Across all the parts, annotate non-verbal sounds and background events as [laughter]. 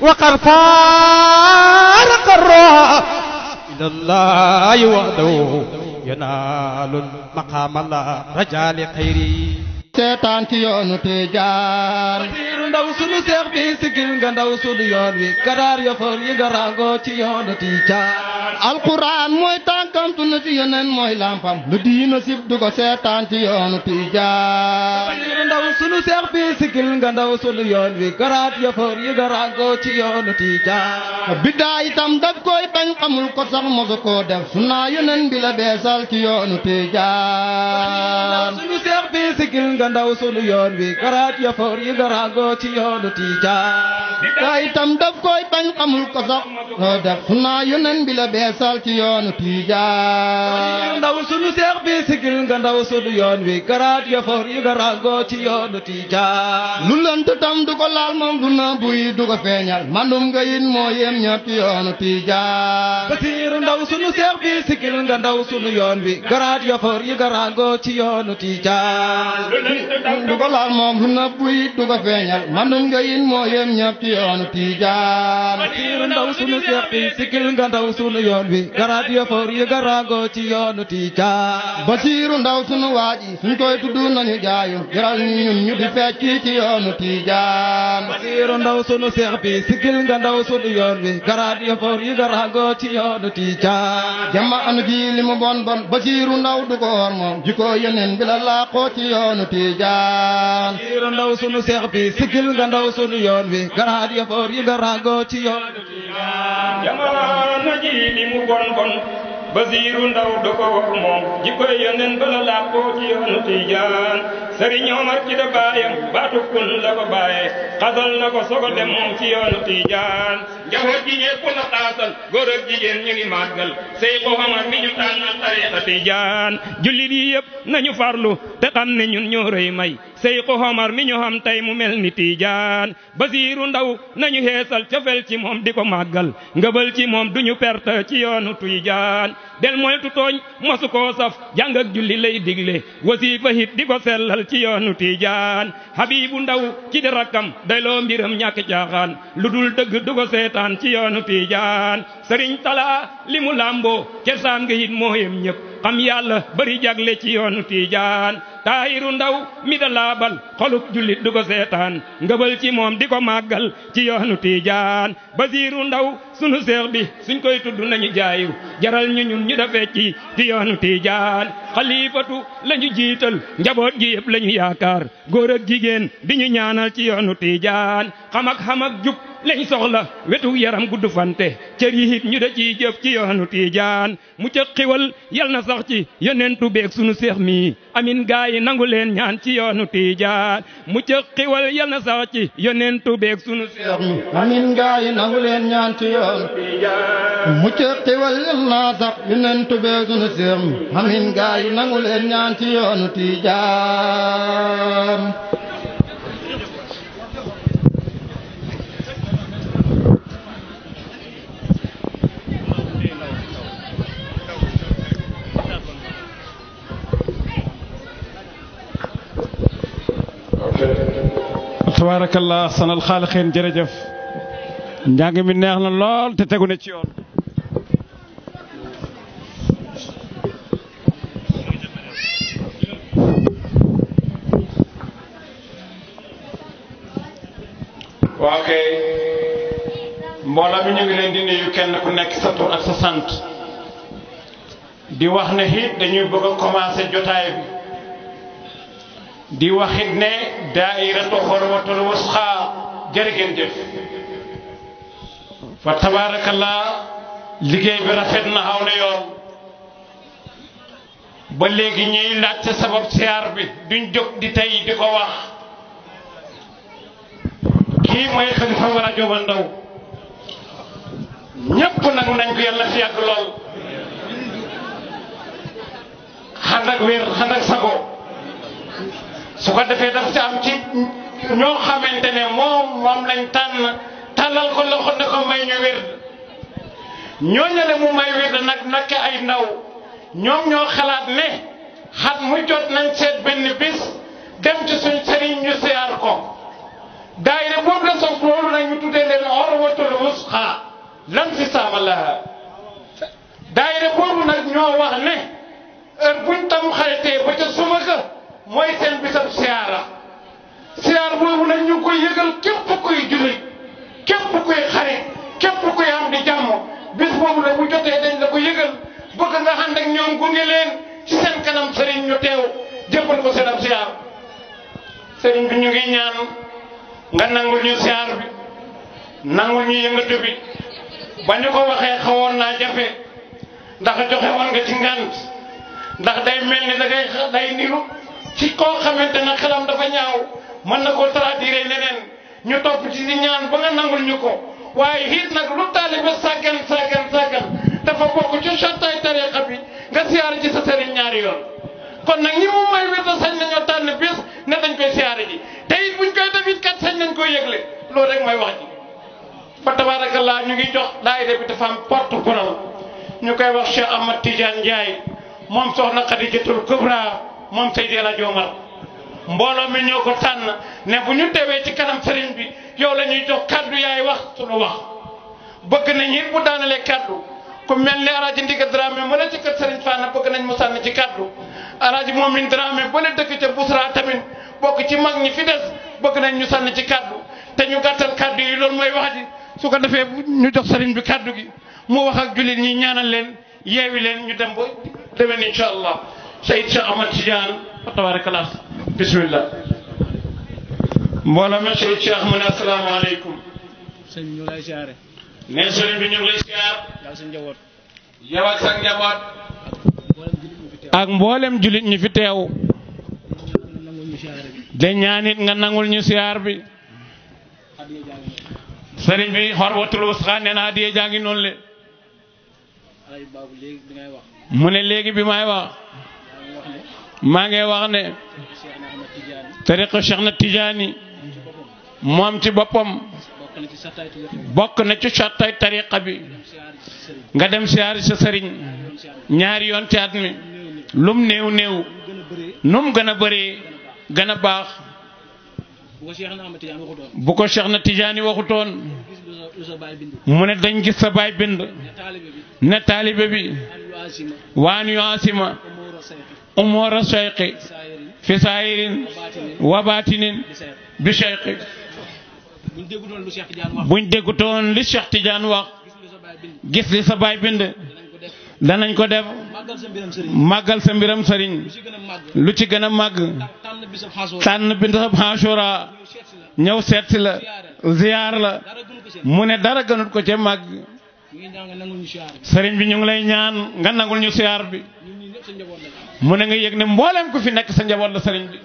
وقرطار قرى إلى الله يوعدو ينال مقام الله رجال خيري سيطان تيون تجار ndaw sunu seex bi sigil nga ndaw sunu yoon wi kadaar yofoor yi nga ràngoo ci yoonu tiijaan alquran mooy tànkam sunu si yeneen mooy diina sib du seetaan ci yoonu tiijaan ndaw sunu seex bi sigil nga ndaw sunu ko def sunna yeneen bi beesal ci yoonu tiijaan sikil ganda usulu sunu wi ya for yi garaago ci yoonu tiijaan waaye itam daf koy bañ xamul ko sax noo def sunna yonen bi beesal ci yoonu Tijaan ndaw sunu seex bi sigil nga ndaw sunu yoon wi garaat ya for yi garaago ci yoonu Tijaan lu lënt tam du ko laal moom na buy du ko feeñal nga moo yem ñëpp yoonu Tijaan ndaw sunu seex bi sigil nga ndaw sunu yoon wi garaat ya for yi garaago ci yoonu Tijaan lu lënt tam du ko laal moom du na buy du ko feeñal yoonu Tijaan Basiiru ndaw sunu seex bi sikkil nga ndaw sunu yoon wi garaat yo for yi garaago ci yoonu Tijaan Basiiru ndaw sunu waaji suñ koy tudd nañu jaayu jaral ñu ñun ñu di fecc ci yoonu Tijaan Basiiru ndaw sunu seex bi nga ndaw sunu yoon wi garaat ndaw sunu seex bi nga ndaw sunu yoon wi jihaad ya foor yi nga ràggoo ci yoonu jihaad jamaano ji li ndaw da ko wax moom jikkoy yonen bala làqoo ci yoonu tijaan sëriñ Omar ci da baayam baatu kun la ko bàyyee xasal na ko sogo dem moom ci yoonu tijaan njaboot gi ñépp la xaasal góor ak jigéen ñu ngi màggal say xooxamar mi ñu tànnal tariqa tijaan jullit yi yépp nañu farlu te xam ne ñun ñoo rëy may say xooxamar mi ñu xam tey mu mel ni tijaan basiiru ndaw nañu xeesal cofel ci moom di ko màggal ngëbal ci moom duñu perte ci yoonu tijaan del moytu tooñ mosu koo saf jàng ak julli lay digle wasiifa hit di ko sellal ci yoonu tijaan habiibu ndaw ci di rakkam dayloo mbiram ñàkk caaxaan lu seetaan ci yoonu tiijaan sëriñ tala li mu làmboo cosaan nga yit moo yem ñëpp xam yàlla bari jagle ci yoonu tiijaan taayiru ndaw mi da laabal xolub jullit du ko seetaan ngëbal ci moom di ko màggal ci yoonu tiijaan basiiru ndaw sunu seex bi suñ koy tudd nañu jaayu jaral ñu ñun ñu defee ci ci yoonu tiijaan xaliifatu lañu jiital njaboot gi yëpp lañu yaakaar góor jigéen di ñu ñaanal ci yoonu tiijaan xam ak jub lañ soxla wetu yaram gudd fante cër yi it ñu da ciy jëf ci yoonu tiijaan mu ca xiwal yal na sax ci yonentu beeg sunu seex mi amin gaa yi nangu leen ñaan ci yoonu tiijaan mu ca xiwal yal na sax ci yonentu beeg sunu seex mi amin gaa yi nangu leen ñaan ci yoonu tiijaan mu ca xiwal yal na sax yonentu tiijaan تبارك الله سن الخالقين جرجف نياغي من نيهنا لول تتغونا سي يون واكاي مولامي نيغي لين دي نيو كين كو نيك ساتو ak sa sante di wax ne hit dañuy di waxit ne daairatu xorwatul wusxa jërë ngeen jëf fa tabarakallah liggéey bi rafet na xaw na yoon ba léegi ñuy laajte sabab siyaar bi duñ jóg di tey di ko wax kii mooy xalifa war a jóoba ndaw ñépp nag nañ ko yàlla fi lool xandak wér xandak sago su ko defee daf si am ci ñoo xamante ne moom moom lañ tànn tàllal ko loxo ne ko may ñu wér ñooñu ne mu may wér nag nak ay ndaw ñoom ñoo xalaat ne xat mu jot nañ seet benn bis dem ci suñ sëriñ ñu siyaar ko daayira boobu la soog loolu nag ñu tuddee leen orwatul wusqa lan fi saama laha daayira boobu nag ñoo wax ne heure buñ tam xaritee ba ca suma ka mooy seen bisab siyaara siyaar boobu nag ñu koy yëgal képp kuy jullit képp kuy xarit képp kuy am di jàmm bis boobu nag bu jotee dañ la ko yëgal bëgg nga ànd ak ñoom gunge leen ci seen ñu teew jëppal ko seen bi ñu ngi ñaan nga nangul ñu siyaar bi nangul ñu yëngatu bi ba ñu ko waxee xawoon naa jafe ndax joxe woon nga ci ngànt ndax day mel ni da ngay day niru ci koo xamante ne xelam dafa ñaaw mën na koo traduire leneen ñu topp ci di ñaan ba nga nangul ñu ko waaye xiit nag lu taalibe sàggan sàggan sàggan dafa bokk ci sottaay tariqa bi nga siyaare ci sa sëriñ ñaari yoon kon nag ñi mu may wér tànn bés ne dañ koy siyaare te it buñ koy def it kat sañ nañ koy yëgle loolu rek mooy wax ji fa tabaarakallaa ñu ngi jox daayira bi dafa am porte parole ñu koy wax Cheikh Ahmad Tidiane Ndiaye moom soxna Khadijatul Kubra moom Seydi El Hadji Omar mbooloo mi ñoo ko tànn ne bu ñu dewee ci kanam sëriñ bi yow la ñuy jox kaddu yaay wax sunu wax bëgg nañ it bu daanalee kaddu ku mel ni alaaji Ndiga Dramé ma la ci kër Serigne Fana bëgg nañ mu sànni ci kaddu alaaji Momin Dramé ba la dëkk ca Bousra tamit bokk ci mag ñi fi des bëgg nañ ñu sànni ci kàddu te ñu gàttal kaddu yi loolu mooy wax ji su ko defee ñu jox sëriñ bi kaddu gi mu wax ak jullit ñi ñaanal leen yeewi leen ñu dem ba déwén incha allah. Seydou Cheikh Ahmad Tidiane fa tabarakallah bismillah mbooloo mi Seydou Cheikh mu ne asalaamaaleykum. sëñ bi ñu ngi lay siyaare. ne sëñ bi ñu ngi lay siyaar. ak sa njaboot. julit ñi fi teew. de ñaanit nga nangul ñu siyaar bi. sëriñ bi xorwatul wusxa nee na adiyee jaa noonu mu ne léegi bi may wax. maa ngi wax ne tariqa Cheikh na Tijaani moom ci boppam bokk na ci sattay tariqa bi nga dem siyaari sa sëriñ ñaari yoon ci at mi lum néew néew num gën a bëree gën a baax bu ko Cheikh na Tijaani waxutoon mu ne dañ gis sa baay bind ne taalibe bi waan yu asima umura shayqi fi saayirin wa baatinin bi shayqi buñ déggutoon li Cheikh Tidiane wax gis li sa baay bind danañ ko def màggal sa mbiram sëriñ lu ci gën a màgg tànn bi sa Ashura ñëw seet si la ziyaar la mu ne dara gënut ko ca màgg sëriñ bi ñu ngi lay ñaan nga nangul ñu siyaar bi mu ne nga yëg ne mbooleem ko fi nekk sa njaboot la sëriñ bi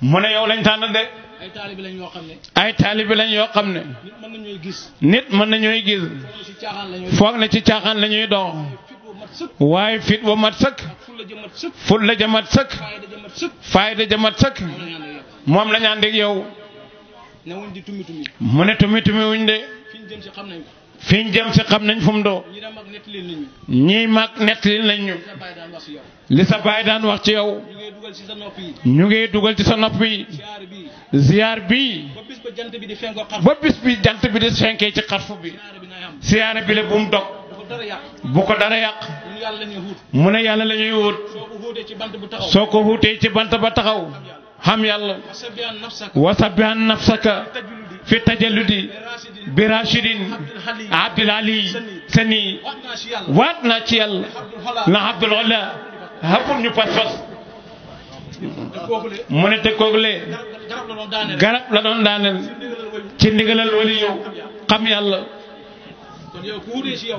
mu ne yow lañ tànn de. ay taalibi lañ yoo xam ne. ay taalibi lañ yoo xam ne. nit mën nañooy gis. nit mën nañooy gis. foog na ci caaxaan la ñuy dox. waaye fit wa mat sëkk. ful la jamat sëkk. da jamat sëkk. moom la ñu ànd ak yow. mu ne tumi tumi wuñ de. fiñ jëm fi xam nañ fu mu doo ñii mag nettali nañ ñu li sa baay daan wax ci yow ñu ngi dugal ci sa nopp yi ziar bi ba bis bi jant bi di fenkee ci xarfu bi ziar bi la bu mu dog bu ko dara yàq mu ne yàlla la ñuy wut soo ko huutee ci bant ba taxaw xam yàlla wasabihan nafsaka في التجلد براشد عبد العلي سني واتنا تيال نعبد العلا هبوم ني باس باس mu ne te kooku lee garab la doon daaneel ci ndigalal wali yow xam yàlla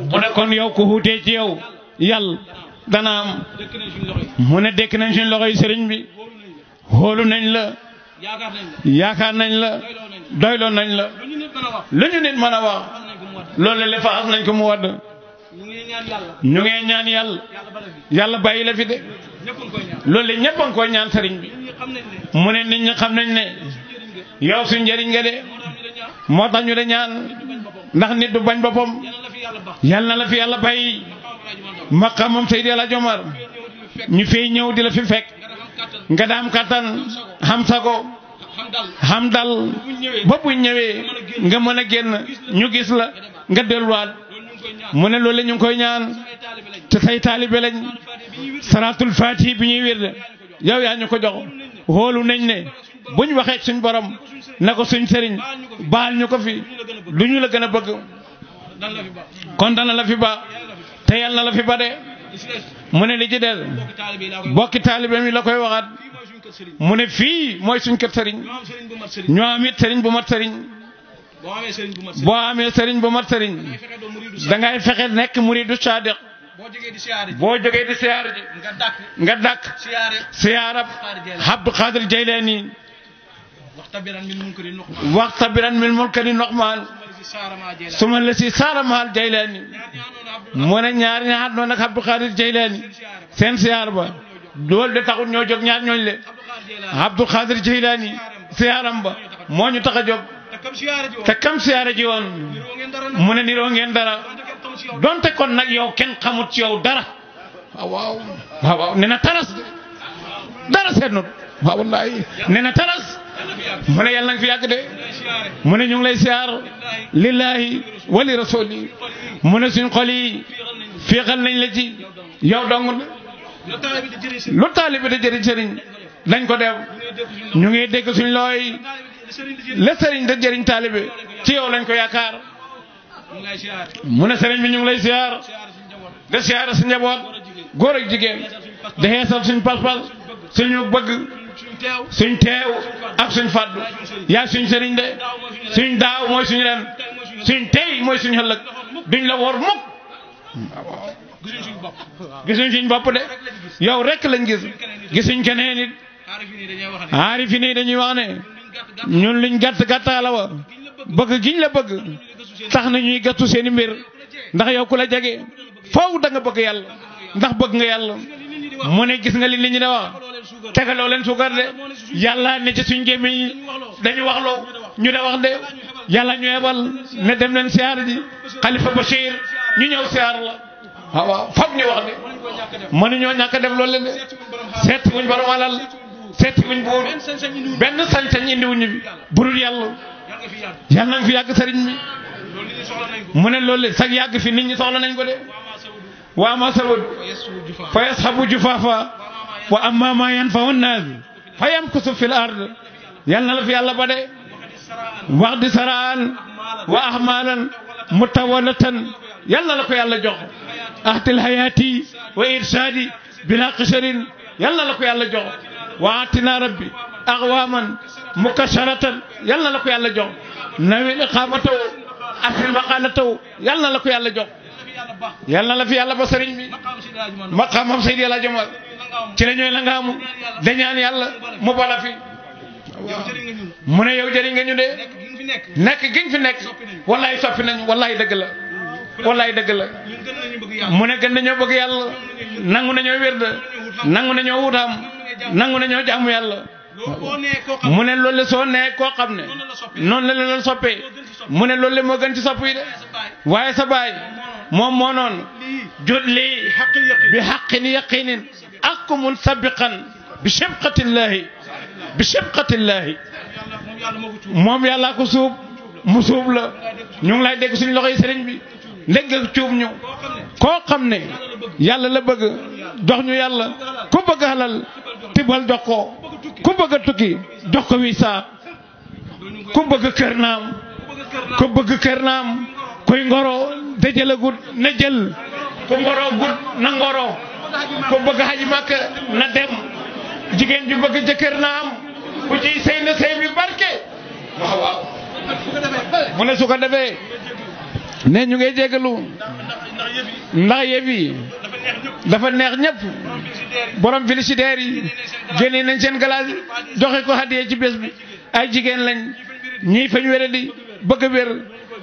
mu ne kon yow ku xuutee ci yow yàlla dana am mu ne dekk nañ suñ loxo yi bi xoolu nañ la yaakaar nañ la doyloon nañ la lu ñu nit mën a wax loolu le faxas nañ ko mu wadd ñu ngee ñaan yàlla yàlla bàyyi la fi de loolu le koy ñaan sëriñ bi mu ne nit ñi xam nañ ne yow suñ njëriñ nga de moo tax ñu de ñaan ndax nit du bañ boppam yàlla na la fi yàlla bàyyi maqamam Seydi El Hadj Omar ñu fiy ñëw di la fi fekk nga daam kattan xam sago xamdal ba bu ñëwee nga mën a génn ñu gis la nga delluwaat mu ne loolu la ñu koy ñaan ca say taalibe lañ salaatul faatihi bi ñuy wér yow yaa ñu ko jox xoolu nañ ne buñ waxee suñ borom na ko suñ sëriñ baal ñu ko fi lu ñu la gën a bëgg kon dana la fi ba te yàlla na la fi ba de mu ne li des bokki taalibe mi la koy waxaat mune fi moy mooy suñ kër sëriñ ñoo am it sëriñ bu mat sëriñ bo amé sëriñ bu mat sëriñ da ngay fexe nek muridu sadiq bo jógee di siyaar ji boo di siyaar ji nga dak nga dàkk siyaarab Abdu Xaadir Jaylaani min mulkani nuqman suma la si saaramaal jaylani mo ne ñaar ñaar noonu nak Abdu Xaadir jaylani sen siyaar ba loolu de taxul ñoo jóg ñaar ñooñu le Abdul Xaadir Jeylaani siyaaram ba moo ñu tax a jóg te kam siyaara ji woon mu ne niroo ngeen dara donte kon nag yow kenn xamut ci yow dara waaw waaw nee na taras dara seetnut waaw wallaay nee na taras mu ne yàlla na fi yàgg de mu ne ñu ngi lay siyaar lillahi wali rasuli mu ne suñ xol yi féexal nañ la ci yow dong lu taalibi de jëriñ sëriñ dañ ko def ñu ngi dégg suñ looy le sëriñ da jëriñ taalibi ci yow lañ ko yaakaar mu ne sëriñ bi ñu ngi lay siyaar de siyaar si njaboot góor ak jigéen di xeesal suñ pas-pas suñu bëgg suñ teew ak suñ fàddu yaay suñ sëriñ de suñ daaw mooy suñ ren suñ tey mooy suñ xëllëg duñ la wor mukk gisuñ suñ [laughs] bopp de yow rek lañ gis gisuñ keneen it aarifi nii dañuy wax ne ñun luñ gàtt gàttaala wa bëgg giñ la bëgg tax na ñuy gàttu seen i mbir ndax yow ku la jege faw da nga bëgg yàlla ndax bëgg nga yàlla mu ne gis nga li nit ñi da wax tegaloo leen suukar de yàlla ne ci suñ gémmiñ yi dañu wax loo ñu da wax de yàlla ñu ebal ne dem leen siyaar ji xalifa Bachir ñu ñëw siyaar la waaw waaw foog ñu wax ne mënuñoo ñàkk a def loolu de seeti wuñ borom alal seeti wuñ buur benn sañ-sañ indi wuñu bi burul yàlla yàlla nañ fi yàgg sëriñ bi mu ne loolu sax yàgg fi nit ñi soxla nañ ko de waa ma sawud fa yasxabu jufaafa wa amma ma yanfahu nnaas fa yamkusu fi l ard yàlla na la fi yàlla ba de wax di saraan wa ahmaalan mutawalatan yàlla la ko yàlla jox ahtil hayaati wa irsaadi bila xisarin yàlla la ko yàlla jox waatina rabbi aqwaman mukasharatan yàlla la ko yàlla jox nawil iqaamata wo ahtil maqaanata wo yàlla la ko yàlla jox yàlla la fi yàlla ba sëriñ bi maqaamam Seydi El Hadji Omar ci la ñooy la nga amu dañaan yàlla mu bala fi mu ne yow jëriñ nga ñu de nekk giñ fi nekk wallaay soppi nañu wallaay dëgg la wallaay dëgg la mu ne gën ñoo bëgg yàlla nangu nañoo wér da nangu nañoo wutaam nangu nañoo jaamu yàlla mu ne loolu la soo nee koo xam ne noonu la la soppee mu ne lool la moo gën ci sopp de waaye sa baay moom moo noon jot lii bi xaqin yaqinin akkumun sabiqan bi shefqatillaahi bi shefqatillaahi moom yàllaa ko suub mu suub la ñu ngi lay dégg suñu loxo yi sëriñ bi léegi cuub ñu koo xam ne yàlla la bëgg jox ñu yàlla ku bëgg alal tibal jox ko ku bëgg a tukki jox ko visa ku bëgg kër naam ku bëgg kër naam kuy ngoro te jëlagut na jël ku ngoro gut na ngoro ku bëgg xaj màkk na dem jigéen ju bëgg jëkkër na am ku ciy sëy na sëy bi barke waaw waaw mu defee ne ñu ngay jégalu ndax yëf yi dafa neex ñëpp borom félicitaires yi génnee nañ seen galaas joxe ko xaddiyee ci bés bi ay jigéen lañ ñii fañ wére di bëgg a wér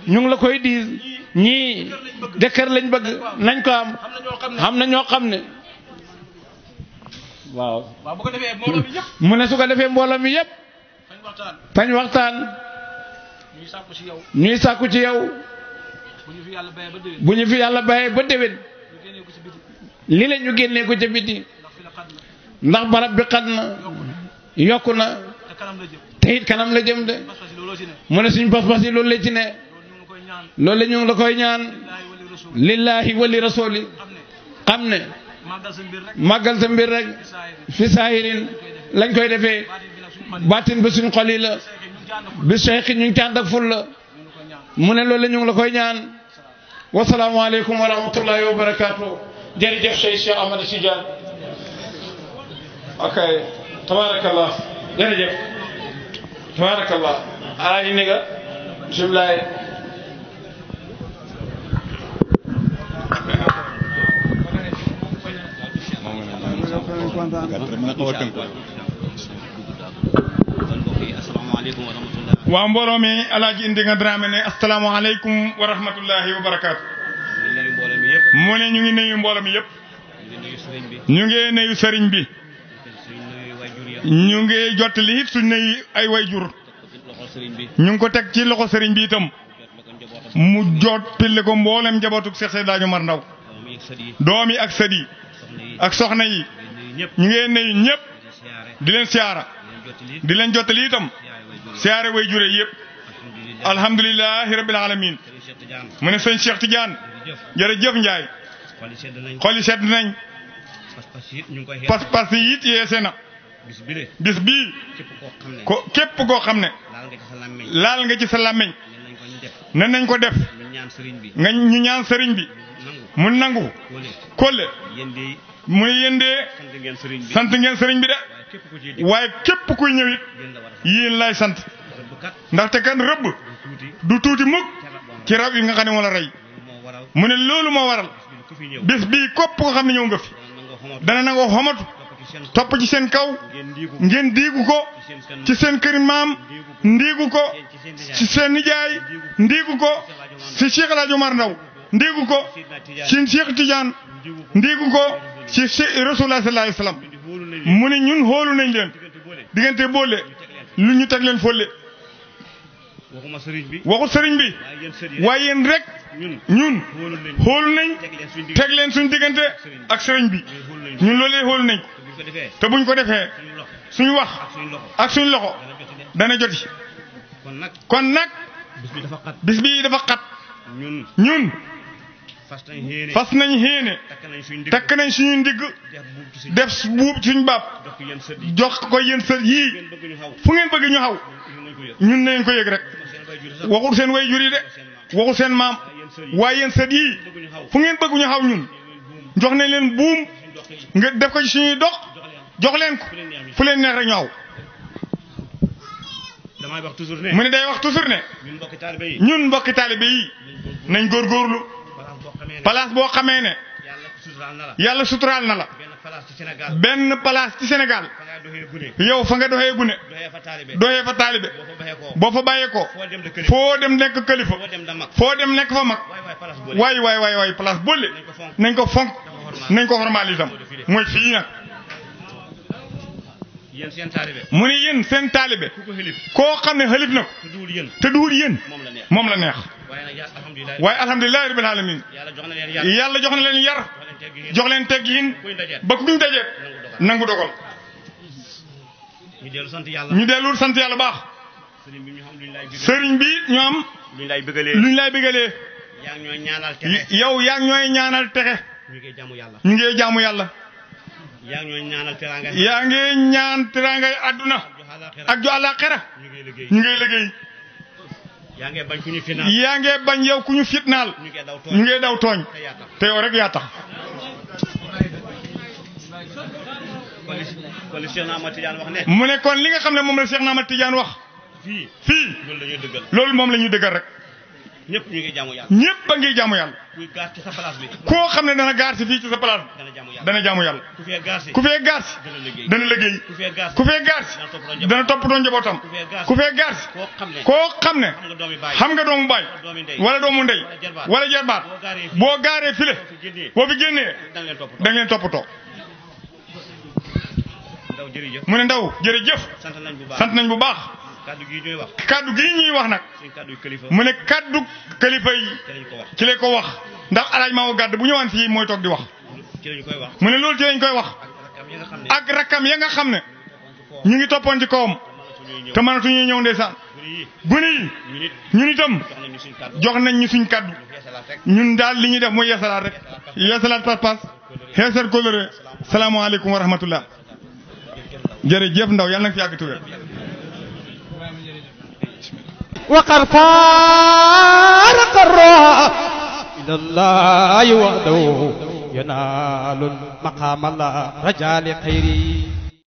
la koy diis ñii de kër lañ bëgg nañ ko am xam na ñoo xam ne waaw mu ne su ko defee mbooloo mi yëpp fañ waxtaan ñuy sàkku ci yow bu ñu fi yàlla bayee ba déwén. bu ñu fi yàlla bayee ba déwén. li ñu génnee ko ca biti. ndax barab bi xat na. yokku na. te it kanam la jëm de. mu ne suñ pas-pas loolu la ci ne. loolu la ñu la koy ñaan. lillaahi wali rasuli. xam ne. màggal sa mbir rek. fi saahirin lañ koy defee. baatin bi suñ xol yi la. bi seex ñu ngi ci la. mu ne loolu la ñu ngi la koy ñaan wasalaamaaleykum wa rahmatullahi wa barakaatu jërëjëf Cheikh Cheikh Ahmada Tidiane ok tabarakallah jërëjëf tabarakallah alaaji ni nga bisimilaay moom asalaamaaleykum wa mbooloo mi El Hadj Ndinga Dramé ne asalaamaaleykum wa rahmatulahi wa barakaatu. ñu ngi nuyu mbooloo mi yëpp. ne ñu ngi nuyu mbooloo mi yëpp. ñu ngi nuyu sëriñ bi. ñu ngi nuyu sëriñ bi. ñu ngi ay wayjur. ñu ngi ko teg ci loxo sëriñ bi itam. mu jot pille ko mboolem njabootuk Seex Daañu Mar Ndaw doom yi ak sët ak soxna yi ñu ngeen nuyu ñëpp di leen siyaara di leen jottali itam siyaare way jure yëpp alhamdulilahi rabbil alamin mu ne sëñ Cheikh Tidiane jërëjëf Ndiaye xol yi sedd nañ pas-pas yi it yeese na bis bii bis bii ko képp koo xam ne laal nga ci sa làmmiñ nan nañ ko def nga ñu ñaan sëriñ bi mu nangu. kólle mu ne yéen de sant ngeen sëriñ bi de waaye képp kuy ñëw it yéen laay sant ndaxte kan rëbb du tuuti mukk ci rab yi nga xam ne moo rey mu ne loolu moo waral bés bii képp ko xam ne ñëw nga fi dana nangoo xomatu topp ci seen kaw ngeen diigu ko ci seen këri maam ndiigu ko ci seen nijaay ndiigu ko ci Cheikh El Hadj Omar Ndaw ndiigu ko sin Cheikh Tidiane ndiigu ko ci Rasulullah sallallahu alayhi wasallam mu ne ñun xoolu nañ leen diggante boole lu ñu teg leen folle waxuma sëriñ bi waxu sëriñ bi waaye yéen rek ñun xoolu nañ teg leen suñ diggante ak sëriñ bi ñun loolee xoolu nañ te buñ ko defee suñ wax ak suñ loxo dana joti kon nag bis bi dafa xat ñun fas nañ xéene fas nañ xéene takk nañ suñu ndigg def buub suñ baab jox ko yéen sët yii fu ngeen bëgg ñu xaw ñun nañ ko yëg rek waxul seen way jur yi de waxul seen maam waaye yéen sët yii fu ngeen bëgg ñu xaw ñun jox nañ leen buum def ko ci dox jox leen ko fu leen neex rek ñu xaw mu ne day wax toujours ne ñun mbokki taalibe yi nañ góorgóorlu place boo xamee ne yàlla suturaal na la benn place ci Sénégal yow fa nga doxee gune doxee fa taalibe boo fa bàyyeekoo foo dem nekk kalifa foo dem nekk fa mag waay waay waay waay place boole nañ ko fonk nañ ko xormaal itam mooy fii nag mu ne yéen seen taalibe koo xam ne xalif na ko te duwul yéen moom la neex waaye alhamdulilah rabbil alamin yàlla jox na leen yar jox leen teggin ba ku ñu daje nangu dogal ñu dellu sant yàlla baax sëriñ bi ñu am luñ lay bëggalee yow yaa ngi ñooy ñaanal texe ñu ngi jaamu yàlla ñu ngi jaamu yàlla yaa ngi ñaanal teraanga yaa ngi ñaan teraanga àdduna ak ju àllaaxira ñu ngi liggéey yaa nge bañ ku ñu fitnaal yaa ngee bañ yow ku ñu fitnaal ñu ngee daw tooñ te yow rek yaa tax mu ne kon li nga xam ne moom la Cheikh Ahmad Tidiane wax fii loolu moom la ñu dëggal rek ñëpp ñu ngi jaamu yàlla. ñëpp a ngi jaamu sa place bi. koo xam ne dana gaar si fii ci sa place bi. dana jaamu yal dana jaamu yàlla. ku fee gaar si ku fee gaar si. dana liggéey dana liggéey. ku fee gaar si ku fee gaar si. dana toppatoo njabootam ku fee gaar si. koo xam ne xam nga doomu baay. wala doomu ndey wala jarbaat boo gaaree file boo fi génnee da ngeen toppatoo. mu ne ndaw jërëjëf sant nañ bu baax. kaddu gi ñuy wax. ñuy wax nag. mu ne kaddu këlifa yi. ci lañ ko wax ndax alaaj maa gàdd bu ñëwaan fii mooy toog di wax. mu ne loolu ci lañ koy wax. ak rakkam ya nga xam ne. ñu ngi toppoon ci kawam. te mënatuñu ñëw ndeysaan. bu nii ñun itam jox nañ ñu suñ kaddu. ñun daal li ñuy def mooy yeesalaat rek. yeesalaat pas-pas. xeesal kóllëre. salaamaaleykum wa rahmatullah. jërëjëf ndaw yàlla na fi yàgg tuwér. وقرطار قرا إلى الله وحده ينال المقام الله رجال خيري